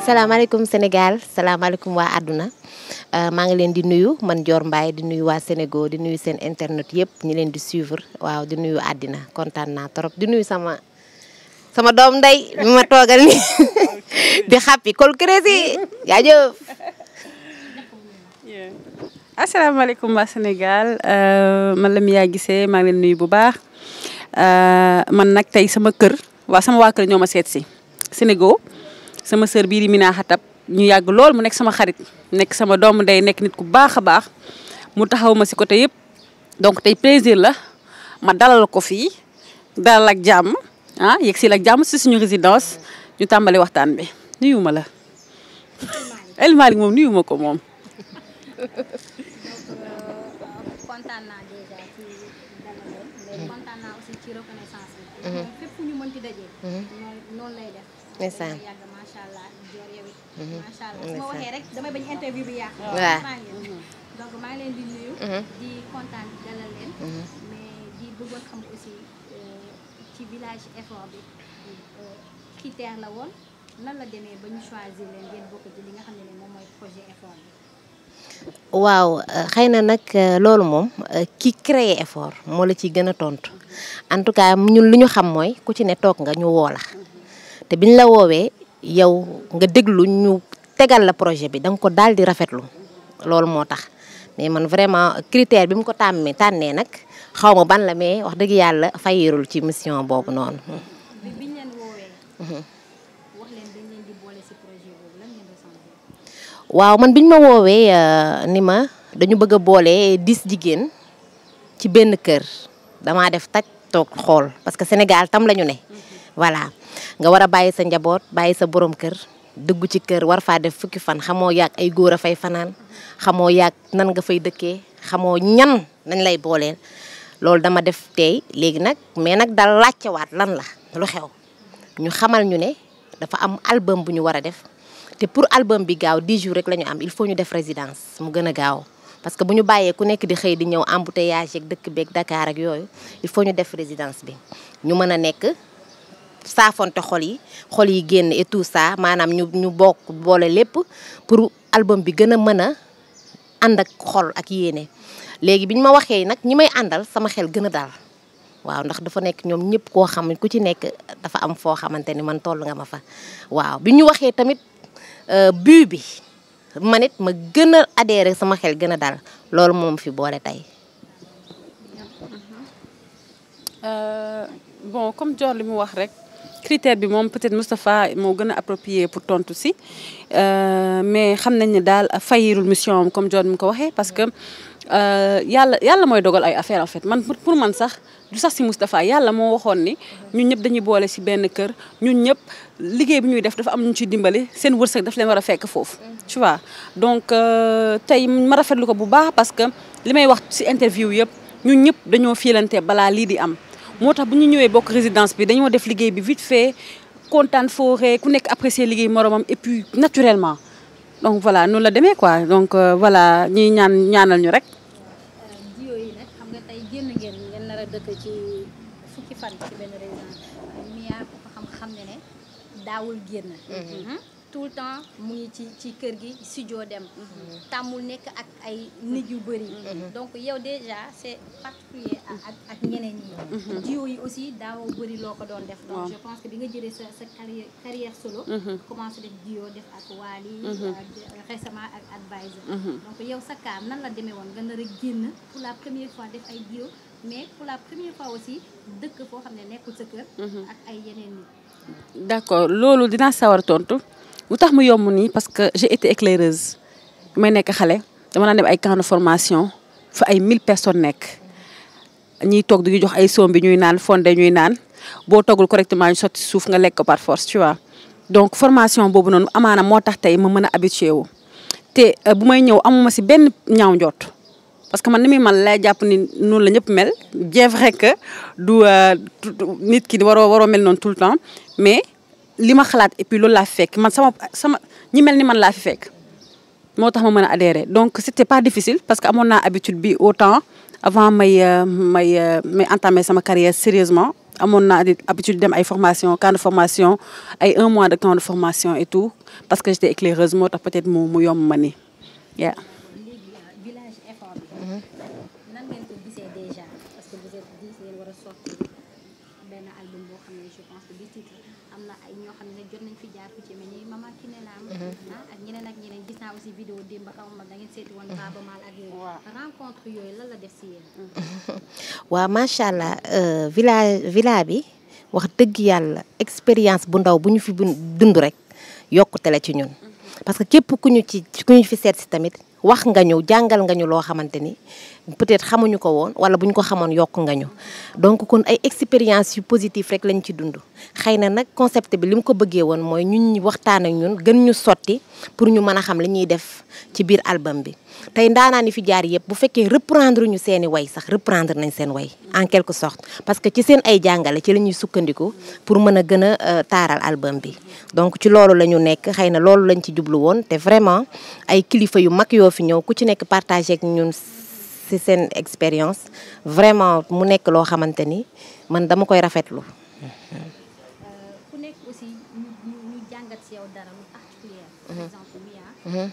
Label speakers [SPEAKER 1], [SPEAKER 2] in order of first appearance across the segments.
[SPEAKER 1] salaamaaleykum Sénégal salaamaaleykum waa àdduna euh, maa ngi leen di nuyu man Dior Mbaye di nuyu waa Sénégal di nuyu seen internet yëpp ñi leen di suivre waaw di nuyu àddina kontaan naa trop di nuyu sama sama doom ndey ma toogal ni
[SPEAKER 2] di xàppi kol crési jaajëf asalaamaaleykum waa Sénégal euh, man la yaa gisee maa ngi leen nuyu bu baax euh, man nag tey sama kër waa sama waa kër ñoo ma seet si Sénégal sama sœur bii di Mina Xatab ñu yàgg lool mu nekk sama xarit nekk sama doom day nekk nit ku baax a baax mu taxaw ma si côté yëpp donc tey plaisir la ma dalal ko fii dalal ak jàmm ah yegg si ak jàmm si suñu résidence ñu tàmbali waxtaan bi nuyu ma la. El Malick moom nuyu ko moom.
[SPEAKER 3] kontaan naa déjà ci dana leen mais mm-hmm. kontaan naa aussi ci reconnaissance bi mm-hmm. moom fépp fu ñu mënti dajee mm-hmm. noonu lay def ndeysaan yàgg macha allah joor yow it allah su ma waxee rek damay bañ interview bi yàq donc maa leen di nuyu di kontaan dalal leen mais di bëggoon xam aussi euh, ci village effort bi euh, critère la woon lan la demee ba ñu choisir leen ngeen bokk ci li nga xam ne moom mooy projet effort bi
[SPEAKER 1] waaw xëy na nag euh, loolu moom euh, ki créer effort moo la ciy gën a tontu en tout cas ñun lu ñu xam mooy ku ci ne toog nga ñu woolax la te biñ la woowee yow nga déglu ñu tegal la projet bi da nga ko daal di rafetlu loolu moo tax mais man vraiment critère bi mu ko tàmmee tànnee nag xaw ma ban la mais wax dëgg yàlla fayirul ci mission boobu noonu. waaw man bi ñu ma woowee euh, ni ma dañu bëgg a boole diis jigéen ci benn kër dama def taj toog xool parce que Sénégal tam la ñu ne. Mhm. voilà nga war a bàyyi sa njaboot bàyyi sa boroom kër. dëggu ci kër war faa def fukki fan xamoo yàgg ay góor a fay fanaan xamoo yàgg nan nga fay dëkkee xamoo ñan dañ lay booleel loolu dama def tey léegi nag mais nag dal laajte waat lan la lu xew ñu xamal ñu ne dafa am album bu ñu war a def te pour album bi gaaw 10 jour rek la ñu am il faut ñu def résidence mu gën a gaaw parce que bu ñu bàyyee ku nekk di xëy di ñëw embouteillage yeeg dëkk beeg Dakar ak yooyu il faut ñu def résidence bi ñu mën a nekk saafonte xol yi xol yi génn et tout ça maanaam ñu ñu bokk boole lépp pour album bi gën a mën a ànd ak xol ak yéene léegi bi ñu ma waxee nag ñi may àndal sama xel gën a daal. waaw ndax dafa nekk ñoom ñëpp koo xam ku ci nekk dafa am foo xamante ni man toll nga ma fa waaw bi ñu waxee tamit euh, but bi man it ma gën a adhéré sama xel gën a dal loolu moom fi boole tey.
[SPEAKER 2] Euh, bon comme Dior li mu wax rek. critère bi moom peut-être Moustapha moo gën a approprié pour tontu si euh, mais xam nañ ne daal fayirul mission am comme John mu ko waxee parce que euh, yàlla yàlla mooy dogal ay affaire en fait man pour man sax du sax si Moustapha yàlla moo waxoon ni ñun ñëpp dañuy boole si benn kër ñun ñëpp liggéey bi ñuy def dafa am ñu ci dimbali seen wërsëg daf leen war a fekk foofu. tu vois donc euh, tey ma rafetlu ko bu baax parce que li may wax si interview yëpp ñun ñëpp dañoo fiilante balaa lii di am. moo tax bu ñu ñëwee bokk résidence bi dañoo def liggéey bi vite fait kontaan fooree ku nekk apprécier liggéey moromam et puis naturellement donc voilà noon la demee quoi donc euh, voilà ñuy ñaan ñaanal ñu rek.
[SPEAKER 3] jiw yi nag xam nga tey génn ngeen ngeen nar a dëkk ci fukki fan ci benn résidence Mia ku ko xam-xam ne ne daawul génn. Mhm. tout le temps mu ngi ci ci kër gi si joo dem tàmmul nekk ak ay nit yu bëri mhm. donc yow déjà c'est particulier ak ak ñeneen ñi mhm. duo yi aussi daawoo bëri loo ko doon def donc je pense que di nga jële sa sa carrière solo mhm. commencé def duo def ak Wally euh, euh, récemment ak Adviser donc yow sa kaam nan la demee woon nga nar a génn pour la première fois def ay duo mais pour la première fois aussi dëkk foo xam ne nekkul sa kër ak ay yeneen nit
[SPEAKER 2] d'accord loolu dinaa sawar tontu lu tax mu yomb nii parce que j'ai été éclaireuse may nekk xale dama daan dem ay camp formation fa ay mille personnes nekk ñiy toog di jox ay soom bi ñuy naan fonde ñuy naan boo toggul correctement ñu sotti suuf nga lekk ko par force tu donc formation boobu noonu amaana moo tax tey ma mën a habitué wu te euh, bu may ñëw amuma si benn ñaaw njott parce que man ni muy man lay jàpp ni noonu la ñëpp mel bien vrai que euh, du nit ki waroo waroo mel noonu tout le temps mais. li ma xalaat et loolu laa fi fekk man sama sama ñi mel ni man laa fi fekk moo tax ma mën a adhéré donc c' était pas difficile parce que amoon naa habitude bi autant avant may euh, may euh, may entamé sama carrière sérieusement amoon naa habitude dem ay formation camp de formation ay un mois de camp de formation et tout parce que j' étais éclaireuse moo tax peut être mu mu yomb ma nii
[SPEAKER 3] rencontre yooyu
[SPEAKER 1] macha allah euh, village villa bi wax dëgg yàlla expérience bu ndaw bu ñu fi dund rek yokkute la ci ñun. Mhm. parce que képp ku ñu ci ku ñu fi seet si tamit wax nga ñu jàngal nga ñu loo xamante ni peut-être xamuñu ko woon wala buñ ko xamoon yokk nga ñu donc kon ay expérience yu positif rek lañ ci dund xëy na nag concept bi li mu ko bëggee woon mooy ñun ñu waxtaan ak ñun gën ñu sotti pour ñu mën a xam li ñuy def ci biir album bi tey ndaanaan yi fi jaar yëpp bu fekkee reprendre ñu seeni way sax reprendre nañ seen way en quelque sorte parce que ci seen ay jàngale ci la ñuy sukkandiku pour mën a gën a euh, taaral album bi donc ci loolu la ñu nekk xëy na loolu lañ ci jublu te vraiment ay kilifa yu mag yoo fi ñëw ku ci nekk partagé ñun si seen expérience vraiment mu nekk loo xamante ni man dama koy rafetlu.
[SPEAKER 3] ku nekk aussi ñu jàngat si yow dara lu particulier. Mhm. Mhm. Mhm.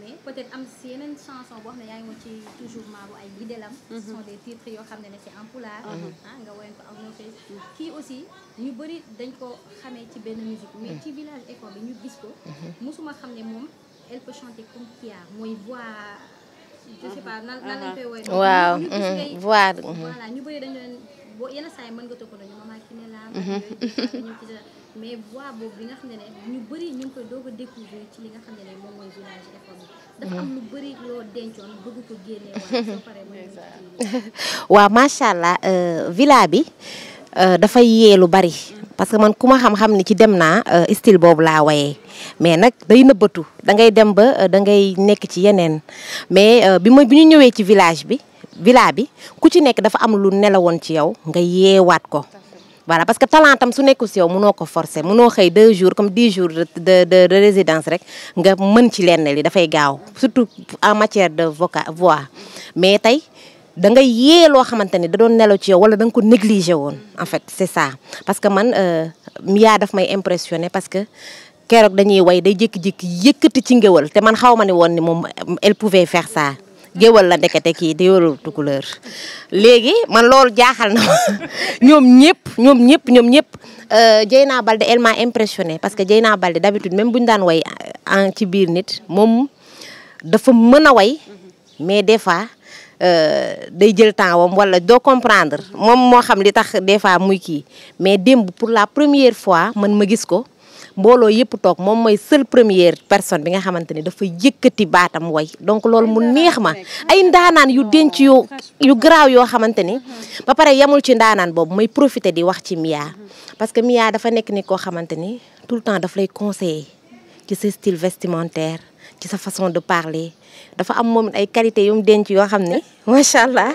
[SPEAKER 3] mais peut-être am si yeneen chanson boo xam ne yaa ngi ci toujours maabu ay gidelam. ce sont des titres yoo xam ne c'est en pulaar. ah nga woyoon ko ak noté. aussi ñu bëri dañ ko xamee ci benn musique mais ci village école bi ñu gis ko. musuma xam ne moom. elle peut chanter uh-huh. waaw mm-hmm. mm-hmm. mm-hmm. ñu bëri ñu ngi koy doog a ci li nga xam ne ne moom mooy village FM dafa am lu bëri loo dencoon bëgg ko génnee
[SPEAKER 1] waaw soo allah euh, villa bi euh, dafa yee lu bari. parce que man ku ma xam-xam ni ci dem naa euh, style boobu laa wayee mais nag day nëbbatu da ngay dem ba euh, da ngay nekk ci yeneen mais euh, bi ma bi ñu ñëwee ci village bi villa bi ku ci nekk dafa am lu nelawoon ci yow nga yeewaat ko voilà parce que talentam su nekkul si yow munoo ko forcer munoo xëy deux jours comme dix jours de de de résidence rek nga mën ci lenn li dafay gaaw surtout en matière de voca voix mais tey da ngay yee loo xamante ni da doon nelaw ci yow wala da nga ko négligé woon en fait c' ça parce que man euh, Mia daf may impressionné parce que keroog dañuy woy day jékki-jékki yëkkati ci ngéwal te man xaw ma ne woon ni moom euh, elle pouvait faire ça géwal la ndekete kii di tu couleur léegi man loolu jaaxal na ñoom ñëpp ñoom ñëpp ñoom ñëpp Dieyna euh, Balde elle m'a impressionné parce que naa Balde d'habitude même bu ñu daan way en ci biir nit moom dafa mën a way mais des fois Euh, day jël temps wam wala doo comprendre moom moo xam li tax des fois muy kii mais démb pour la première fois man ma gis ko mbooloo yëpp toog moom mooy seule première personne bi nga xamante ni dafa yëkkati baatam woy donc loolu mu neex ma ay ndaanaan yu denc yu oh, yu garaaw yoo xamante ni uh-huh. ba pare yamul ci ndaanaan boobu may profité di wax ci Mia uh-huh. parce que Mia dafa nekk ni koo xamante ni tout le temps daf lay conseiller ci sa style vestimentaire ci sa façon de parler dafa am moom ay qualité yu denc yoo xam ne macha allah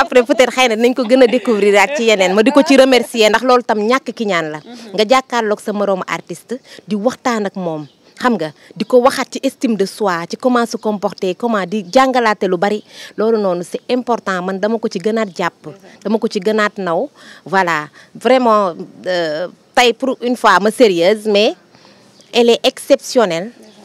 [SPEAKER 1] après peut-être xëy na nañ ko gën a découvrir ak ci yeneen ma di ko ci remercier ndax loolu tam ñàkk ki ñaan la. Mhm. nga jàkkaarloog sa moroomu artiste di waxtaan ak moom. xam nga di ko waxaat ci estime de soi ci comment se comporter comment di jàngalaate lu bari loolu noonu c'est important man dama ko ci gënaat jàpp dama ko ci gënaat naw voilà vraiment euh, tey pour une fois ma mais elle est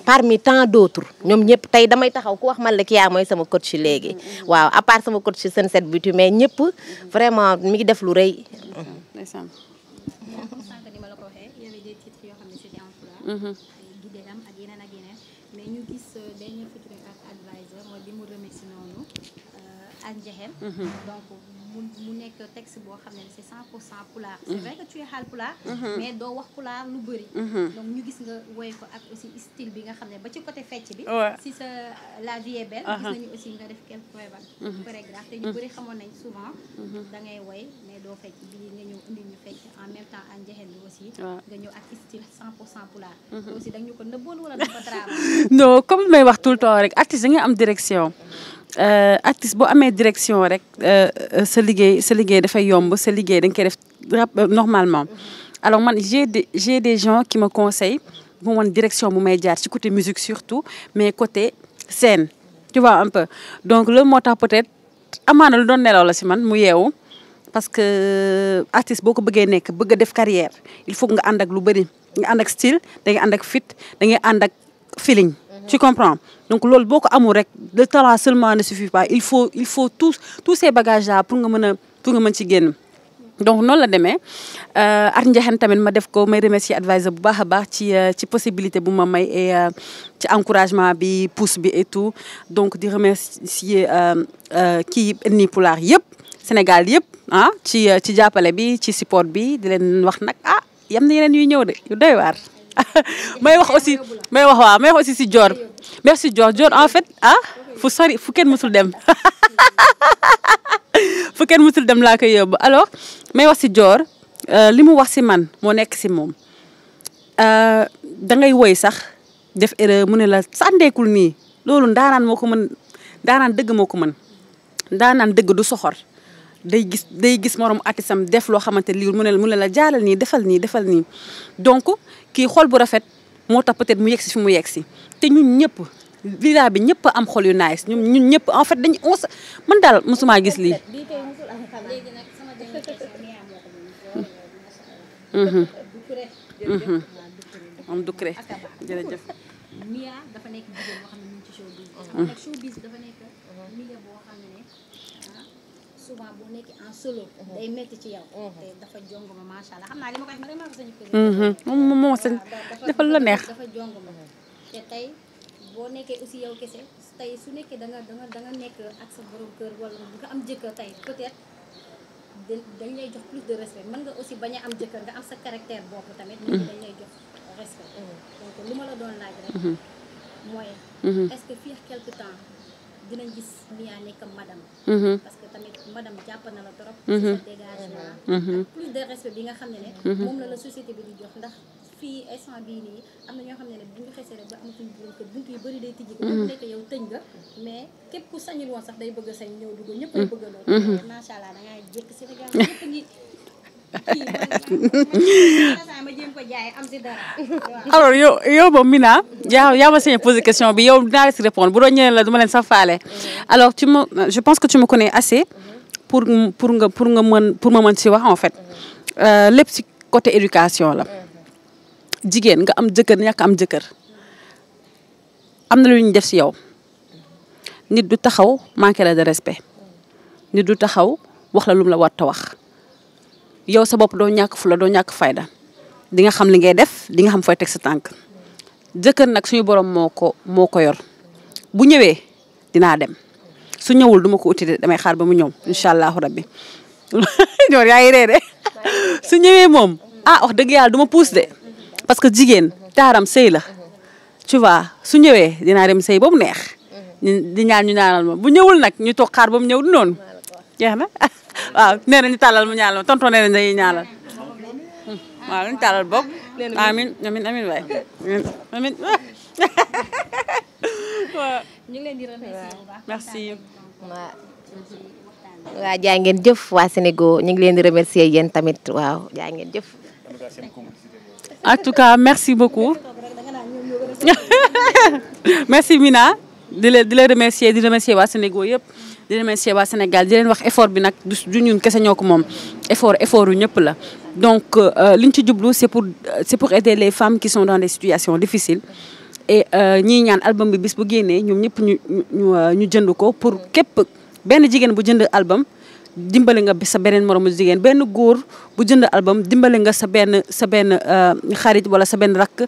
[SPEAKER 1] par parmi temps d'autres ñoom ñëpp tey damay taxaw ku wax man la Kya mooy sama coach léegi mm-hmm. waaw à part sama coach seen set butu mais ñëpp mm-hmm. vraiment mi ngi def lu rëy.
[SPEAKER 2] Mm-hmm. mais
[SPEAKER 3] ñu gis dernier euh, featuring ak advisor mooy bi mu remercié noonu euh, ak Njeexeen mu nekk texte boo xam ne si cent pour cent pulaar mm. c'est vrai que tu es Haalpulaar mm-hmm. mais doo wax pulaar lu bëri mm-hmm. donc ñu gis nga woy ko ak aussi style bi nga xam ne ba ci côté fecc bi si sa la vie est belle gis uh-huh. nañu aussi nga def quelques chorégraphes mm-hmm. te ñu bëri xamoon nañ souvent da ngay woy doo fecc bii
[SPEAKER 2] mhm. comme may wax tout le temps rek artiste da nga am direction euh, artiste boo amee direction rek euh, euh, sa liggéey sa liggéey dafay yomb sa liggéey da nga koy def normalement mhm. alors man j'ai des j'ai des gens qui me conseillent bu woon direction bu may jaar ci côté musique surtout mais côté scène tu vois un peu donc loolu moo tax peut-être amaana lu doon nelaw la si man mu yeewu parce que euh, artiste boo ko bëggee nekk bëgg a def carrière il faut nga ànd ak lu bëri nga ànd ak style da ngay ànd ak fit da ngay ànd ak feeling. Mhm. tu comprends donc loolu boo ko amul rek le talent seulement ne suffit pas il faut il faut tous tous ces bagages pour nga mën a pour nga mën ci génn. donc noonu la demee euh, Art Ndiakhate tamit ma def ko may remercier advisor bu baax a baax ci euh, ci possibilité bu ma may et ci encouragement bi pousse bi et tout donc di remercier kii nii pulaar yëpp. Sénégal yëpp ah ci euh, ci jàppale bi ci support bi di leen wax nag ah yam na yeneen yuy ñëw de yu doy waar. may wax aussi may wax waaw may wax aussi si Dior merci Dior joor en fait ah fu sori fu kenn mësul dem fu kenn mësul dem laa koy yóbbu alors may wax si joor euh, li mu wax si man moo nekk si moom euh, da ngay woy sax def erreur mu ne la sàndeekul nii loolu ndaanaan moo ko mën ndaanaan dëgg moo ko mën ndaanaan dëgg du soxor. day gis day gis morom artisam def loo xamante lii mu ne mu ne la jaaral nii defal nii defal nii donc kii xol bu rafet moo tax peut-être mu yegsi fi mu yegsi te ñun ñëpp villa bi ñëpp am xol yu nice ñun ñun ñëpp en fait dañu on man daal mosumaa gis lii. am
[SPEAKER 3] souvent boo nekkee en solo. Mhm. day métti ci yow. Mhm. te dafa jong ma macha allah xam naa li ma koy wax ma ko sañ
[SPEAKER 2] moom moo sañ dafa la neex
[SPEAKER 3] dafa jong ma mhm. te tey boo nekkee aussi yow kese tey su nekkee da nga da nga da nga nekk ak sa borom kër wala nga am jëkkër tey peut-être. dañ lay jox plus de respect mën nga aussi bañ a am jëkkër nga am sa caractère bopp tamit. nit ñi dañ lay jox respect. donc lu ma la doon laaj rek. mooy. est-ce que fii quelque temps dinañ gis Mia nekk madame mhm. parce que tamit madame jàpp na la trop mhm. sa dégagement mhm. nga xam ne ne moom la la société bi di jox ndax fii instant bii nii am na ñoo xam ne ne bu ñu rek ba amatuñ borom kër bunt yu bëri day tijji ko nekk yow tëj nga mais képp sañul woon sax day bëgg a sañ ñëw dugg ñëpp ay bëgg a loolu
[SPEAKER 2] macha allah da ngay jékk Sénégal ñëpp
[SPEAKER 3] ngi
[SPEAKER 2] alors yow yow moom Mina yaa yaa ma sañ poser question bi yow dinaa la si répondre bu doon ñeneen la du ma leen sax faale. alors tu me je pense que ci tu me connais assez. pour pour nga pour nga mën pour ma mën si wax en fait. Euh, lépp si côté éducation la. jigéen nga am jëkkër ñàkk am jëkkër. am na lu ñu def si yow. nit du taxaw manqué la de respect. nit du taxaw wax la lum la war wax. yow sa bopp doo ñàkk fula doo ñàkk fayda di nga xam li ngay def di nga xam fooy teg sa tànk jëkkër nag suñu borom moo ko moo ko yor bu ñëwee dinaa dem su ñëwul duma ko uti damay xaar ba mu ñëw incha allahu rabbi ñoor yaa ngi ree de su ñëwee moom ah wax dëgg yàlla du ma puus de parce que jigéen taaram sëy la tu su ñëwee dinaa dem sëy ba mu neex di ñaan ñu ñaanal ma bu ñëwul nag ñu toog xaar ba mu ñëw du noonu jeex na waaw nee nañu tàllal mu ñaanal ma tonton nee nañu dañuy ñaanal waaw nañu ñu ngi leen
[SPEAKER 1] ngeen jëf waa Sénégal ñu ngi leen di remercier yéen tamit waaw jaa ngeen jëf.
[SPEAKER 2] en tout cas merci beaucoup. merci Mina di la di la remercier di remercier waa Sénégal yëpp. di remercier waa Sénégal di leen wax effort bi nag du ñun kese ñoo ko moom effort effort yu ñëpp la donc euh, euh, li ñu ci jublu c'est pour euh, c'est pour aider les femmes qui sont dans des situations difficiles et ñiy ñaan album bi bis bu génnee ñoom ñëpp ñu ñu ñu jënd ko pour képp benn jigéen bu jënd album dimbali nga sa beneen mu jigéen benn góor bu jënd album dimbali nga sa benn sa benn xarit wala sa benn rakk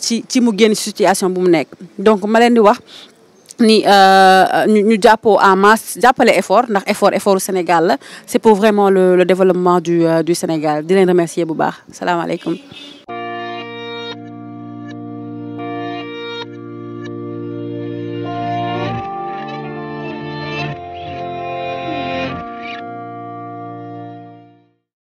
[SPEAKER 2] ci ci mu génn situation bu mu nekk donc ma leen di wax. ni euh, euh, ñu jàppoo en masse jàppale effort ndax effort effort du Sénégal la c'est pour vraiment le développement du euh, du Sénégal di leen remercier bu baax salaamaaleykum